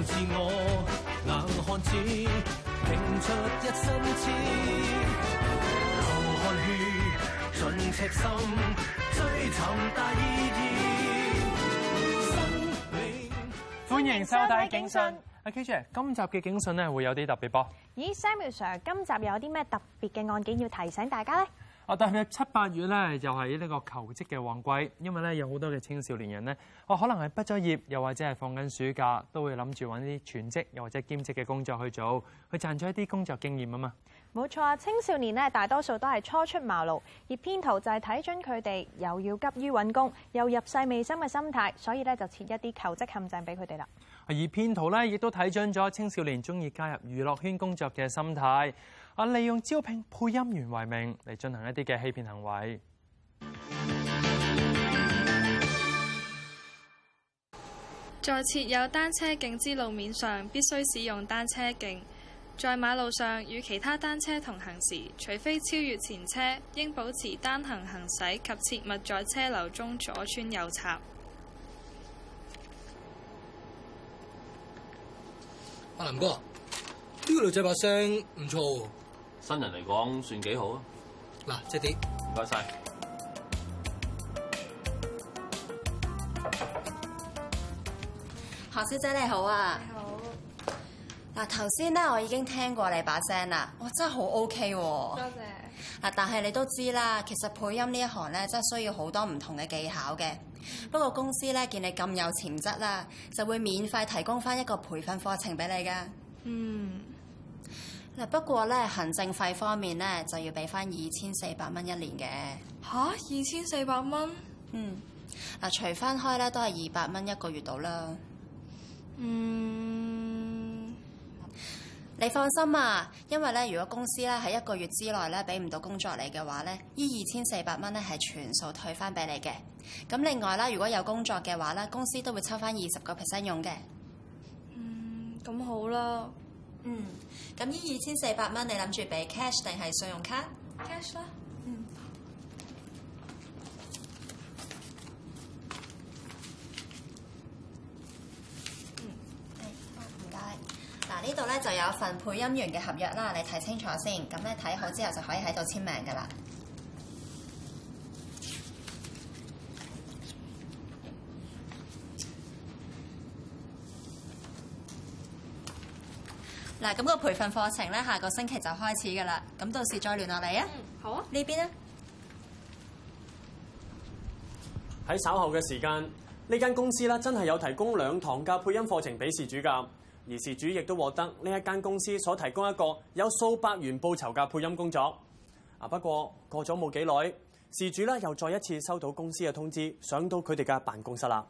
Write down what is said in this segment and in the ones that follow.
歡迎收睇警訊，阿 K 姐，今集嘅警訊咧會有啲特別噃。咦，Samuel Sir，今集有啲咩特別嘅案件要提醒大家咧？啊！但係七八月咧，又係呢個求職嘅旺季，因為咧有好多嘅青少年人咧，啊、哦、可能係畢咗業，又或者係放緊暑假，都會諗住揾啲全職又或者兼職嘅工作去做，去賺咗一啲工作經驗啊嘛。冇錯啊，青少年咧大多數都係初出茅廬，而騙徒就係睇準佢哋又要急於揾工，又入世未深嘅心態，所以咧就設一啲求職陷阱俾佢哋啦。而騙徒咧亦都睇準咗青少年中意加入娛樂圈工作嘅心態。啊！利用招聘配音員為名嚟，進行一啲嘅欺騙行為。在設有單車徑之路面上，必須使用單車徑。在馬路上與其他單車同行時，除非超越前車，應保持單行行駛及切勿在車流中左穿右插。阿林哥，呢個女仔把聲唔錯。新人嚟講算幾好啊！嗱，即點？唔該晒。何小姐你好啊！你好。嗱，頭先咧，我已經聽過你把聲啦，哇，真係好 OK 喎！多謝。嗱，但係你都知啦，其實配音呢一行咧，真係需要好多唔同嘅技巧嘅。不過公司咧，見你咁有潛質啦，就會免費提供翻一個培訓課程俾你㗎。嗯。不過咧，行政費方面咧就要俾翻二千四百蚊一年嘅。吓？二千四百蚊？嗯，嗱，除翻開咧都係二百蚊一個月度啦。嗯，你放心啊，因為咧，如果公司咧喺一個月之內咧俾唔到工作你嘅話咧，呢二千四百蚊咧係全數退翻俾你嘅。咁另外啦，如果有工作嘅話咧，公司都會抽翻二十個 percent 用嘅。嗯，咁好啦。嗯，咁呢二千四百蚊，你諗住俾 cash 定係信用卡？cash 啦。嗯。嗯，好，唔、哦、該。嗱，呢度咧就有份配音員嘅合約啦，你睇清楚先。咁咧睇好之後就可以喺度簽名噶啦。嗱，咁個培訓課程咧，下個星期就開始噶啦。咁到時再聯絡你啊。嗯，好啊。呢邊呢，喺稍後嘅時間，呢間公司咧真係有提供兩堂嘅配音課程俾事主噶，而事主亦都獲得呢一間公司所提供一個有數百元報酬嘅配音工作。啊，不過過咗冇幾耐，事主咧又再一次收到公司嘅通知，上到佢哋嘅辦公室啦。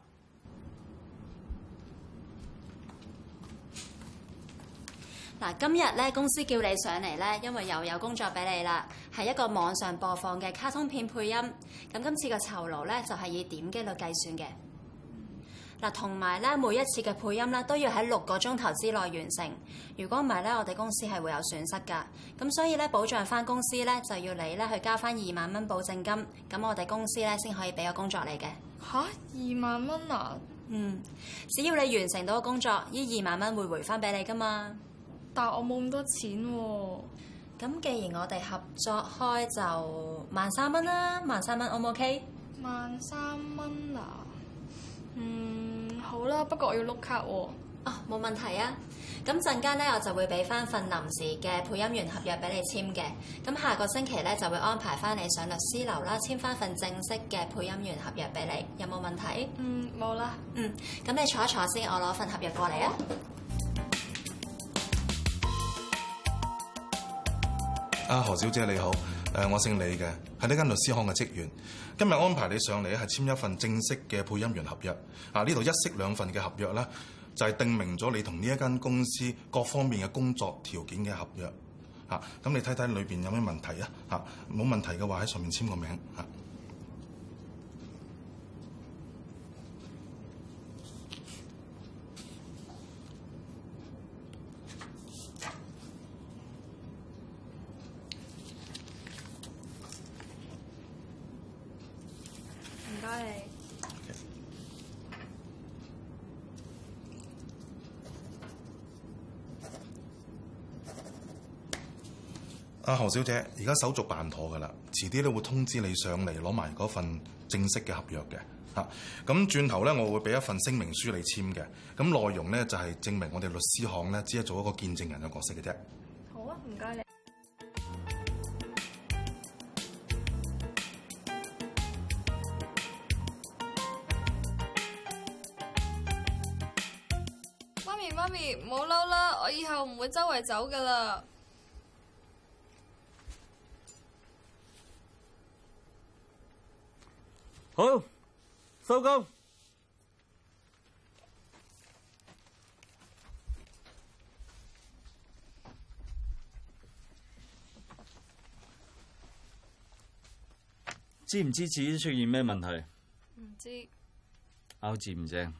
嗱，今日咧公司叫你上嚟咧，因為又有工作俾你啦。係一個網上播放嘅卡通片配音。咁今次嘅酬勞咧就係以點擊率計算嘅。嗱，同埋咧每一次嘅配音咧都要喺六個鐘頭之內完成。如果唔係咧，我哋公司係會有損失噶。咁所以咧保障翻公司咧就要你咧去交翻二萬蚊保證金。咁我哋公司咧先可以俾個工作你嘅。吓，二萬蚊啊！嗯，只要你完成到個工作，呢二萬蚊會回翻俾你噶嘛。但我冇咁多錢喎、哦。咁既然我哋合作開就萬三蚊啦，萬三蚊 O 唔 OK？萬三蚊啊？嗯，好啦，不過我要碌卡喎、哦。啊、哦，冇問題啊。咁陣間咧，我就會俾翻份臨時嘅配音員合約俾你簽嘅。咁下個星期咧就會安排翻你上律師樓啦，簽翻份正式嘅配音員合約俾你，有冇問題？嗯，冇啦。嗯，咁你坐一坐先，我攞份合約過嚟啊。嗯嗯啊，何小姐你好，誒我姓李嘅，係呢間律師行嘅職員，今日安排你上嚟咧，係簽一份正式嘅配音員合約。啊，呢度一式兩份嘅合約啦，就係定明咗你同呢一間公司各方面嘅工作條件嘅合約。嚇，咁你睇睇裏邊有咩問題啊？嚇，冇問題嘅話喺上面簽個名嚇。阿何小姐，而家手續辦妥㗎喇，遲啲咧會通知你上嚟攞埋嗰份正式嘅合約嘅。嚇，咁轉頭咧，我會俾一份聲明書你簽嘅。咁內容咧就係證明我哋律師行咧只係做一個見證人嘅角色嘅啫。好啊，唔該你。媽咪，媽咪，唔好嬲啦，我以後唔會周圍走㗎喇。好，收工。知唔知自己出現咩問題？唔知。拗字唔正，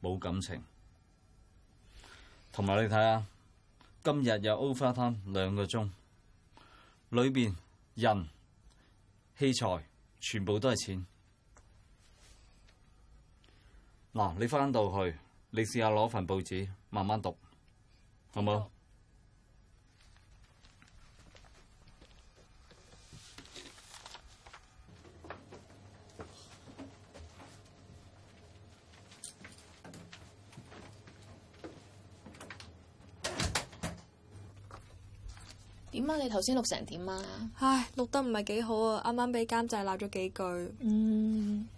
冇感情。同埋你睇下，今日有 over time 兩個鐘，裏邊人、器材全部都係錢。嗱，你翻到去，你試下攞份報紙慢慢讀，好冇？點呀？你頭先錄成點呀？唉，錄得唔係幾好啊！啱啱俾監製鬧咗幾句。嗯。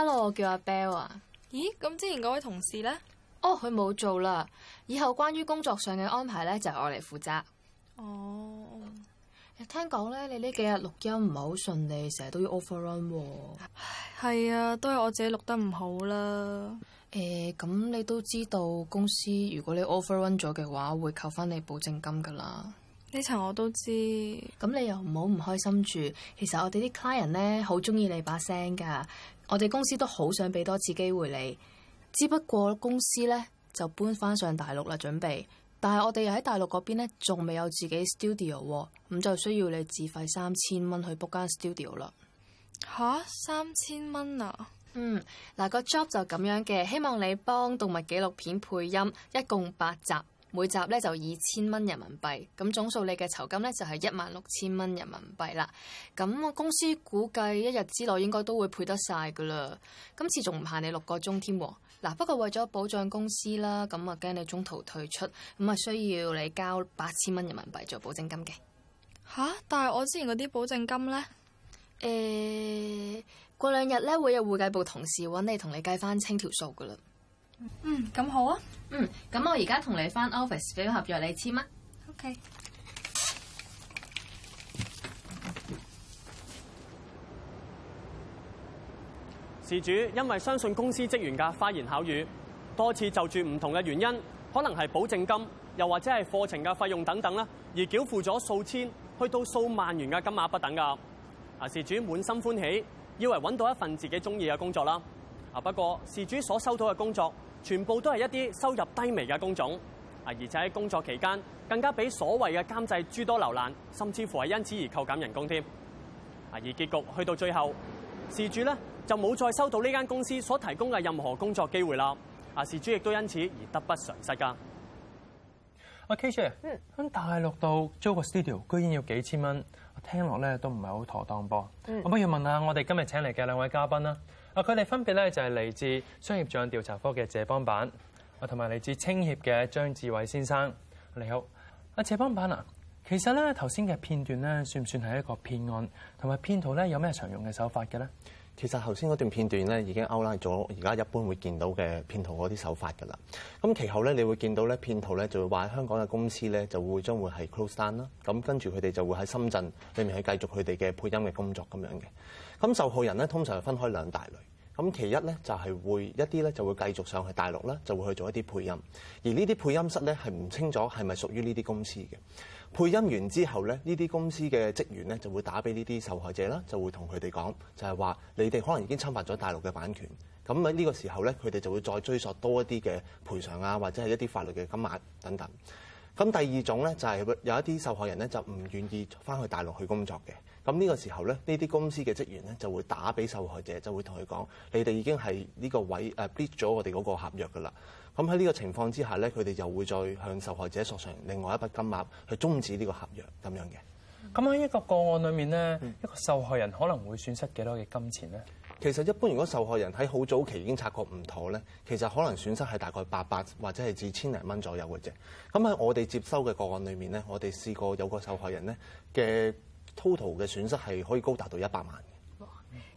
hello，我叫阿 Bell 啊。咦，咁之前嗰位同事咧？哦，佢冇做啦。以後關於工作上嘅安排咧，就係我嚟負責。哦、oh.，聽講咧，你呢幾日錄音唔係好順利，成日都要 overrun。係啊，都係我自己錄得唔好啦。誒，咁你都知道公司，如果你 overrun 咗嘅話，會扣翻你保證金噶啦。呢層我都知。咁你又唔好唔開心住。其實我哋啲 client 咧，好中意你把聲噶。我哋公司都好想俾多次機會你，只不過公司咧就搬翻上大陸啦，準備。但係我哋又喺大陸嗰邊咧，仲未有自己 studio，咁、哦、就需要你自費三千蚊去 book 間 studio 啦。吓，三千蚊啊！嗯，嗱、個 job 就咁樣嘅，希望你幫動物紀錄片配音，一共八集。每集咧就二千蚊人民幣，咁總數你嘅酬金咧就係一萬六千蚊人民幣啦。咁我公司估計一日之內應該都會配得晒噶啦。今次仲唔限你六個鐘添。嗱，不過為咗保障公司啦，咁啊驚你中途退出，咁啊需要你交八千蚊人民幣做保證金嘅。吓？但係我之前嗰啲保證金呢，誒、欸，過兩日咧會有會計部同事搵你同你計翻清條數噶啦。嗯，咁好啊。嗯，咁我而家同你翻 office 俾個合約，你簽啊。OK。事主因為相信公司職員嘅花言巧語，多次就住唔同嘅原因，可能係保證金，又或者係課程嘅費用等等啦，而繳付咗數千去到數萬元嘅金額不等噶。啊，事主滿心歡喜，以為搵到一份自己中意嘅工作啦。啊，不過事主所收到嘅工作。全部都係一啲收入低微嘅工種，啊！而且喺工作期間更加俾所謂嘅監製諸多流難，甚至乎係因此而扣減人工添。啊！而結局去到最後，事主咧就冇再收到呢間公司所提供嘅任何工作機會啦。啊！事主亦都因此而得不償失㗎。阿 K Sir，嗯，喺大陸度租個 studio 居然要幾千蚊，聽落咧都唔係好妥當噃。嗯，我不如問下我哋今日請嚟嘅兩位嘉賓啦。啊！佢哋分別咧就係嚟自商業罪案調查科嘅謝幫辦，啊同埋嚟自青協嘅張志偉先生。你好，阿謝幫辦啊，其實咧頭先嘅片段咧，算唔算係一個騙案？同埋騙徒咧有咩常用嘅手法嘅咧？其實頭先嗰段片段咧已經勾勒咗，而家一般會見到嘅騙徒嗰啲手法㗎啦。咁其後咧，你會見到咧騙徒咧就會話香港嘅公司咧就會將會係 close down 啦。咁跟住佢哋就會喺深圳裡面去繼續佢哋嘅配音嘅工作咁樣嘅。咁受害人咧通常係分開兩大類。咁其一咧，就係會一啲咧就會繼續上去大陸啦，就會去做一啲配音。而呢啲配音室咧係唔清楚係咪屬於呢啲公司嘅。配音完之後咧，呢啲公司嘅職員咧就會打俾呢啲受害者啦，就會同佢哋講，就係話你哋可能已經侵犯咗大陸嘅版權。咁喺呢個時候咧，佢哋就會再追索多一啲嘅賠償啊，或者係一啲法律嘅金額等等。咁第二種咧就係有一啲受害人咧就唔願意翻去大陸去工作嘅。咁、這、呢個時候咧，呢啲公司嘅職員咧就會打俾受害者，就會同佢講：你哋已經係呢個位誒，逼咗我哋嗰個合約噶啦。咁喺呢個情況之下咧，佢哋又會再向受害者索償另外一筆金額去終止呢個合約咁樣嘅。咁、嗯、喺一個個案裏面咧、嗯，一個受害人可能會損失幾多嘅金錢咧？其實一般如果受害人喺好早期已經察覺唔妥咧，其實可能損失係大概八百或者係至千零蚊左右嘅啫。咁喺我哋接收嘅個案裏面咧，我哋試過有個受害人咧嘅。total 嘅損失係可以高達到一百萬嘅。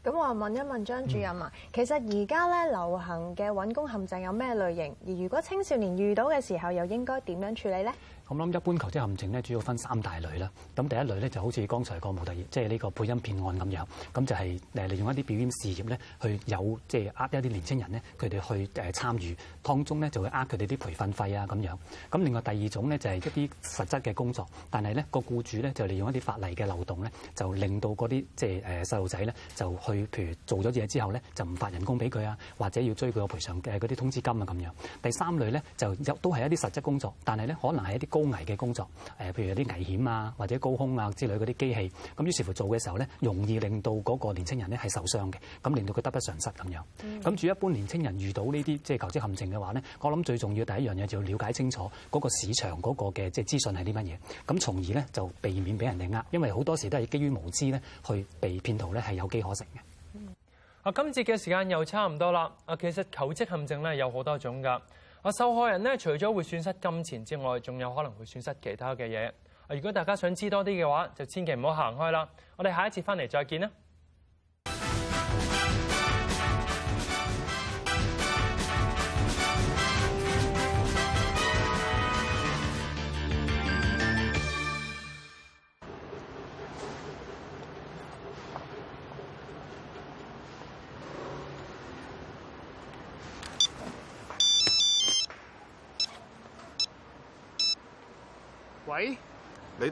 咁我問一問張主任啊，嗯、其實而家咧流行嘅揾工陷阱有咩類型？而如果青少年遇到嘅時候，又應該點樣處理咧？我諗一般求職陷阱咧，主要分三大類啦。咁第一類咧，就好似剛才個模特兒，即係呢個配音騙案咁樣。咁就係誒利用一啲表演事業咧，去有即係呃一啲年輕人咧，佢哋去誒參與當中咧，就會呃佢哋啲培訓費啊咁樣。咁另外第二種咧，就係一啲實質嘅工作，但係咧個僱主咧就利用一啲法例嘅漏洞咧，就令到嗰啲即係誒細路仔咧就去譬如做咗嘢之後咧，就唔發人工俾佢啊，或者要追佢個賠償誒嗰啲通知金啊咁樣。第三類咧就都係一啲實質工作，但係咧可能係一啲高高危嘅工作，誒，譬如有啲危險啊，或者高空啊之類嗰啲機器，咁於是乎做嘅時候咧，容易令到嗰個年青人咧係受傷嘅，咁令到佢得不償失咁樣。咁、嗯、至於一般年青人遇到呢啲即係求職陷阱嘅話咧，我諗最重要嘅第一樣嘢就要了解清楚嗰個市場嗰個嘅即係資訊係啲乜嘢，咁從而咧就避免俾人哋呃，因為好多時都係基於無知咧去被騙徒咧係有機可乘嘅。啊、嗯，今集嘅時間又差唔多啦。啊，其實求職陷阱咧有好多種㗎。受害人呢，除咗會損失金錢之外，仲有可能會損失其他嘅嘢。西如果大家想知多啲嘅話，就千祈唔好行開啦。我哋下一節返嚟再見啦。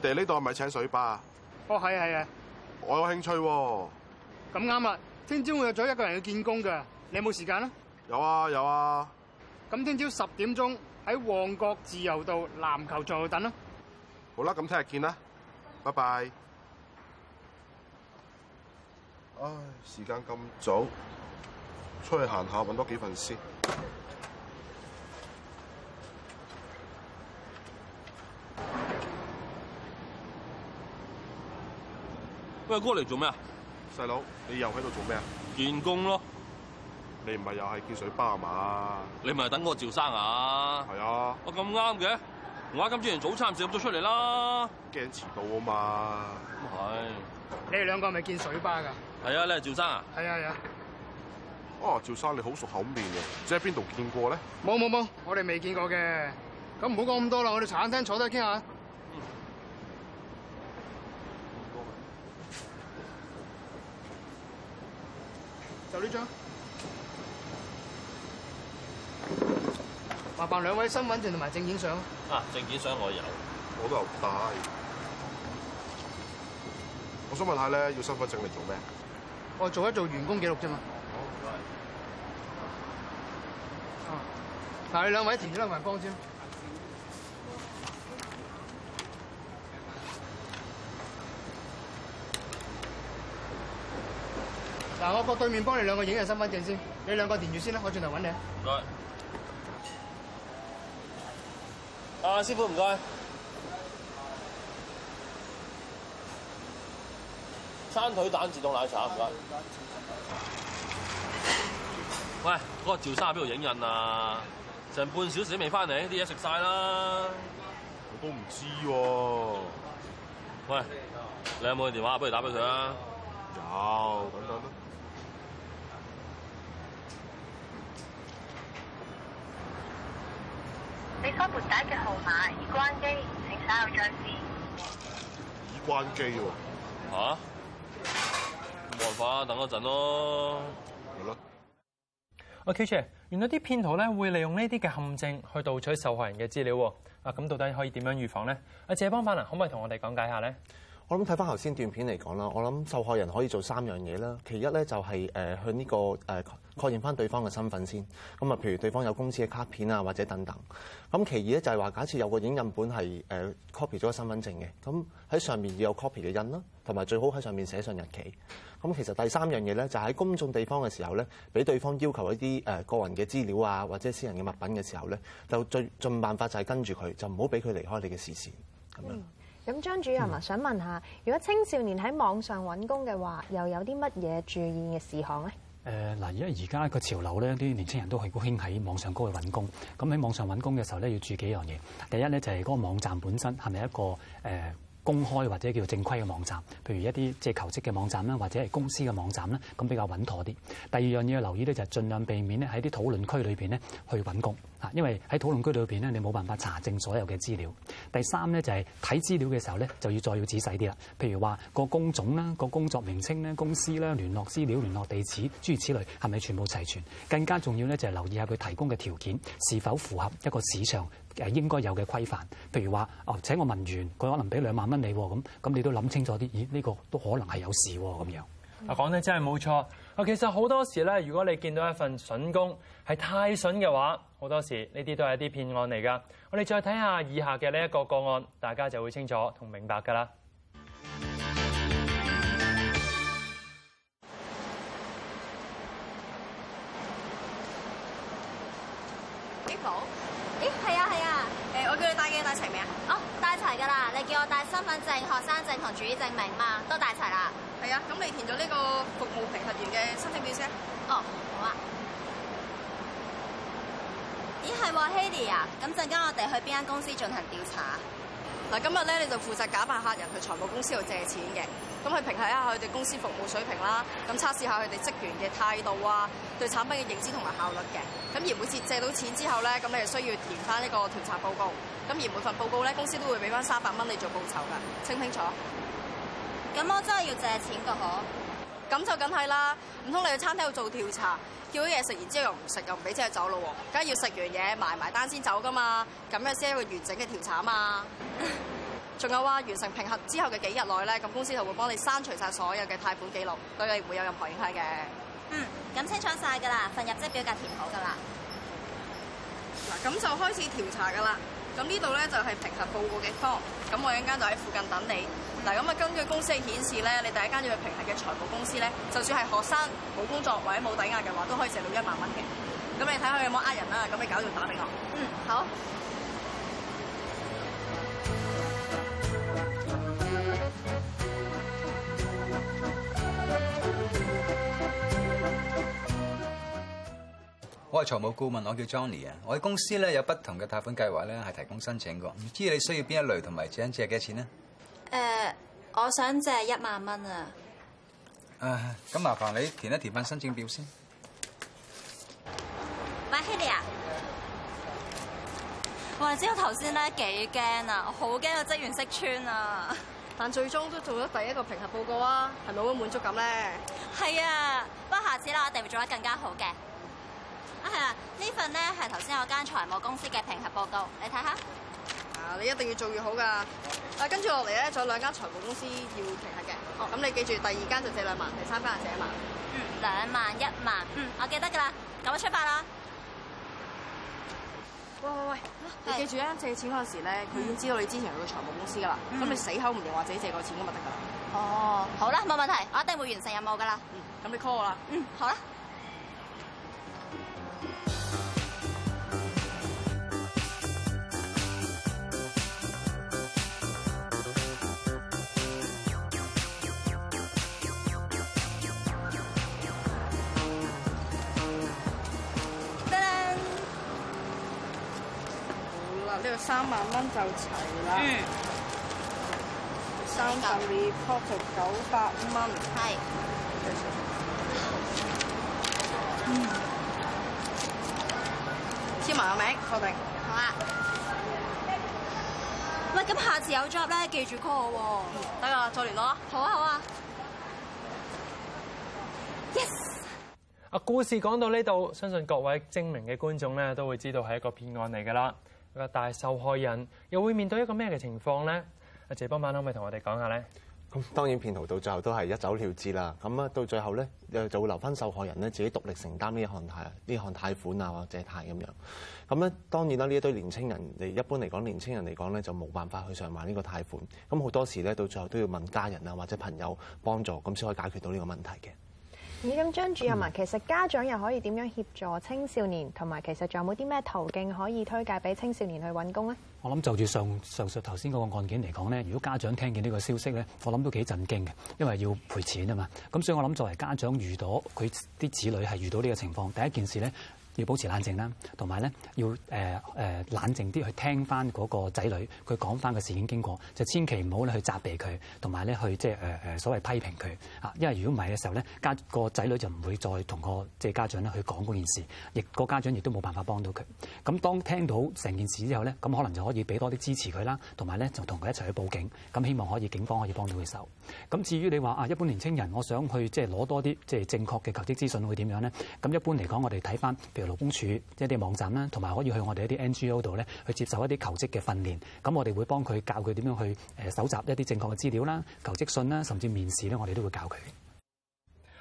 你哋呢度係咪請水吧？哦，係啊，係啊，我有興趣喎。咁啱啊，聽朝會有咗一個人去見工㗎，你有冇時間啊？有啊，有啊。咁聽朝十點鐘喺旺角自由道籃球場度等囉，啊。好啦，咁聽日見啦。拜拜。唉，時間咁早，出去行下揾多幾份先。咪過嚟做咩啊？細佬，你又喺度做咩啊？見工咯。你唔係又係見水巴啊嘛？你唔係等我趙生啊？係啊。我咁啱嘅。我今朝早早餐食咗出嚟啦。驚遲到啊嘛。咁係。你哋兩個係咪見水巴噶？係啊，你係趙生啊？係啊係啊。哦、啊，趙、啊、生你好熟口面嘅，即喺邊度見過咧？冇冇冇，我哋未見過嘅。咁唔好講咁多啦，我哋茶餐廳坐低傾下聊聊。就呢張，麻煩兩位身份證同埋證件相。啊，證件相我有，我都有帶。我想問下呢，要身份證嚟做咩？我、啊、做一做員工記錄啫嘛。好。謝謝啊，嗱，你兩位前邊兩位幫張。嗱，我過對面幫你兩個影印身份證先，你兩個電住先啦，我轉頭揾你。唔該。啊，師傅唔該。餐腿蛋自動奶茶唔該。喂，嗰、那個趙生喺邊度影印啊？成半小時未翻嚟，啲嘢食晒啦。我都唔知喎、啊。喂，你有冇電話？不如打俾佢啊？有，等等撥撥打嘅號碼已關機，請稍後再試。已關機喎、啊，吓、啊？冇辦法，等一陣咯。好啦。OK，Sir，原來啲騙徒咧會利用呢啲嘅陷阱去盜取受害人嘅資料。啊，咁到底可以點樣預防咧？阿謝幫辦能可唔可以同我哋講解一下咧？我諗睇翻頭先段片嚟講啦，我諗受害人可以做三樣嘢啦。其一咧就係誒向呢個誒、呃、確認翻對方嘅身份先。咁啊，譬如對方有公司嘅卡片啊，或者等等。咁其二咧就係話，假設有個影印本係誒、呃、copy 咗個身份證嘅，咁喺上面要有 copy 嘅印啦，同埋最好喺上面寫上日期。咁其實第三樣嘢咧就喺、係、公眾地方嘅時候咧，俾對方要求一啲誒個人嘅資料啊，或者私人嘅物品嘅時候咧，就盡盡辦法就係跟住佢，就唔好俾佢離開你嘅視線咁樣。嗯。咁張主任啊、嗯，想問下，如果青少年喺網上揾工嘅話，又有啲乜嘢注意嘅事項咧？誒、呃、嗱，因為而家個潮流咧，啲年青人都係好興喺網上高去揾工。咁喺網上揾工嘅時候咧，要注意幾樣嘢。第一咧就係、是、嗰個網站本身係咪一個誒、呃、公開或者叫正規嘅網站，譬如一啲即係求職嘅網站啦，或者係公司嘅網站啦，咁比較穩妥啲。第二樣嘢要留意咧，就係、是、盡量避免咧喺啲討論區裏邊咧去揾工。啊，因為喺討論區裏邊咧，你冇辦法查證所有嘅資料。第三咧就係、是、睇資料嘅時候咧，就要再要仔細啲啦。譬如話個工種啦、個工作名稱咧、公司咧、聯絡資料、聯絡地址諸如此類，係咪全部齊全？更加重要咧就係留意下佢提供嘅條件是否符合一個市場誒應該有嘅規範。譬如話哦，請我文員，佢可能俾兩萬蚊你，咁咁你都諗清楚啲，咦呢、這個都可能係有事喎咁樣。啊、嗯，講得真係冇錯。其實好多時呢，如果你見到一份筍工係太筍嘅話，好多時呢啲都係一啲騙案嚟㗎。我哋再睇下以下嘅呢一個個案，大家就會清楚同明白㗎啦。正同主意證明嘛，都帶齊啦。係啊，咁你填咗呢個服務評核員嘅申請表先。哦，好啊。咦，係喎，Hady 啊，咁陣間我哋去邊間公司進行調查？嗱，今日咧你就負責假扮客人去財務公司度借錢嘅，咁去評測一下佢哋公司服務水平啦，咁測試下佢哋職員嘅態度啊，對產品嘅認知同埋效率嘅，咁而每次借到錢之後咧，咁你就需要填翻呢個調查報告，咁而每份報告咧公司都會俾翻三百蚊你做報酬㗎，清清楚？咁我真係要借錢㗎。嗬？咁就梗係啦，唔通你去餐廳度做調查，叫咗嘢食完之後又唔食又唔俾車走咯喎？梗係要食完嘢埋埋單先走噶嘛？咁樣先係一個完整嘅調查啊嘛！仲 有話完成評核之後嘅幾日內咧，咁公司就會幫你刪除晒所有嘅貸款記錄，對你唔會有任何影響嘅。嗯，咁清楚晒㗎啦，份入職表格填好㗎啦。嗱，咁就開始調查㗎啦。咁呢度咧就係評核報告嘅方，咁我一間就喺附近等你。嗱，咁啊，根據公司嘅顯示咧，你第一間要評核嘅財務公司咧，就算係學生冇工作或者冇抵押嘅話，都可以借到一萬蚊嘅。咁你睇下有冇呃人啦。咁你搞掂打俾我。嗯，好。我係財務顧問，我叫 Johnny 啊。我喺公司咧有不同嘅貸款計劃咧，係提供申請嘅。唔知你需要邊一類同埋想借幾多錢咧？誒，uh，我想借一萬蚊啊！誒，咁麻煩你填一填份申請表先。喂，h 希麗亞，我知我頭先咧，幾驚啊，好驚個職員識穿啊。但最終都做咗第一個評核報告啊，係咪好滿足感咧？係啊，不過下次啦，我哋會做得更加好嘅。Uh, 是啊，係啊，呢份咧係頭先有間財務公司嘅評核報告，你睇下。你一定要做越好㗎。啊，跟住落嚟咧，仲有兩間財務公司要評核嘅。哦，咁你記住，第二間就借兩萬，第三間就借一萬。嗯，兩萬一萬。嗯，我記得㗎啦。咁我出發啦！喂喂喂，你記住咧，借錢嗰時咧，佢已經知道你之前去過財務公司㗎啦。咁、嗯、你死口唔認或者己借過錢咁咪得㗎啦。哦，好啦，冇問題，我一定會完成任務㗎啦。嗯，咁你 call 我啦。嗯，好啦。蚊就齊啦，三十二就九百蚊，係，嗯，簽埋個名，確、嗯、定，好啊。喂，咁下次有 job 咧，記住 call 我喎。得、嗯、啊，再聯絡好啊，好啊。Yes。啊，故事講到呢度，相信各位精明嘅觀眾咧，都會知道係一個騙案嚟噶啦。個大受害人又會面對一個咩嘅情況咧？阿謝幫辦可唔可以同我哋講下咧？咁當然騙徒到最後都係一走了之啦。咁啊，到最後咧就會留翻受害人咧自己獨力承擔呢一項貸呢一項貸款啊或者貸咁樣。咁咧當然啦，呢一堆年青人嚟一般嚟講，年青人嚟講咧就冇辦法去償還呢個貸款。咁好多時咧到最後都要問家人啊或者朋友幫助，咁先可以解決到呢個問題嘅。咦，咁張主任啊，其實家長又可以點樣協助青少年？同埋其實仲有冇啲咩途徑可以推介俾青少年去揾工咧？我諗就住上上述頭先嗰個案件嚟講咧，如果家長聽見呢個消息咧，我諗都幾震驚嘅，因為要賠錢啊嘛。咁所以我諗作為家長遇到佢啲子女係遇到呢個情況，第一件事咧，要保持冷靜啦，同埋咧要誒誒、呃呃、冷靜啲去聽翻嗰個仔女佢講翻個事件經過，就千祈唔好去責備佢，同埋咧去即係誒誒所謂批評佢嚇。因為如果唔係嘅時候咧，家個仔女就唔會再同個即係家長咧去講嗰件事，亦個家長亦都冇辦法幫到佢。咁當聽到成件事之後咧，咁可能就可以俾多啲支持佢啦，同埋咧就同佢一齊去報警。咁希望可以警方可以幫到佢手。咁至於你話啊，一般年青人我想去即係攞多啲即係正確嘅求職資訊會點樣咧？咁一般嚟講，我哋睇翻。勞工處、即、一啲網站啦，同埋可以去我哋一啲 NGO 度咧去接受一啲求職嘅訓練。咁我哋會幫佢教佢點樣去誒搜集一啲正確嘅資料啦、求職信啦，甚至面試咧，我哋都會教佢。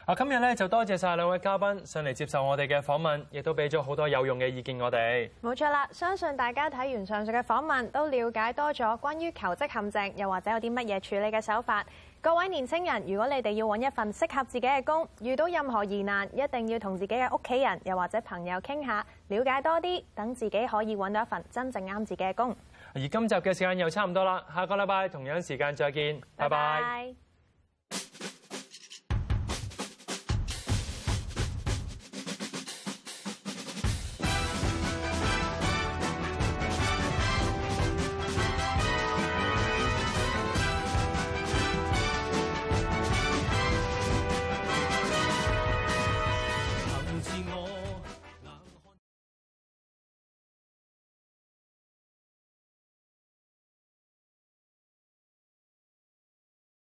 啊，今日咧就多謝晒兩位嘉賓上嚟接受我哋嘅訪問，亦都俾咗好多有用嘅意見我。我哋冇錯啦，相信大家睇完上述嘅訪問，都了解多咗關於求職陷阱，又或者有啲乜嘢處理嘅手法。各位年青人，如果你哋要揾一份適合自己嘅工，遇到任何疑難，一定要同自己嘅屋企人又或者朋友傾下，了解多啲，等自己可以揾到一份真正啱自己嘅工。而今集嘅時間又差唔多啦，下個禮拜同樣時間再見，拜拜。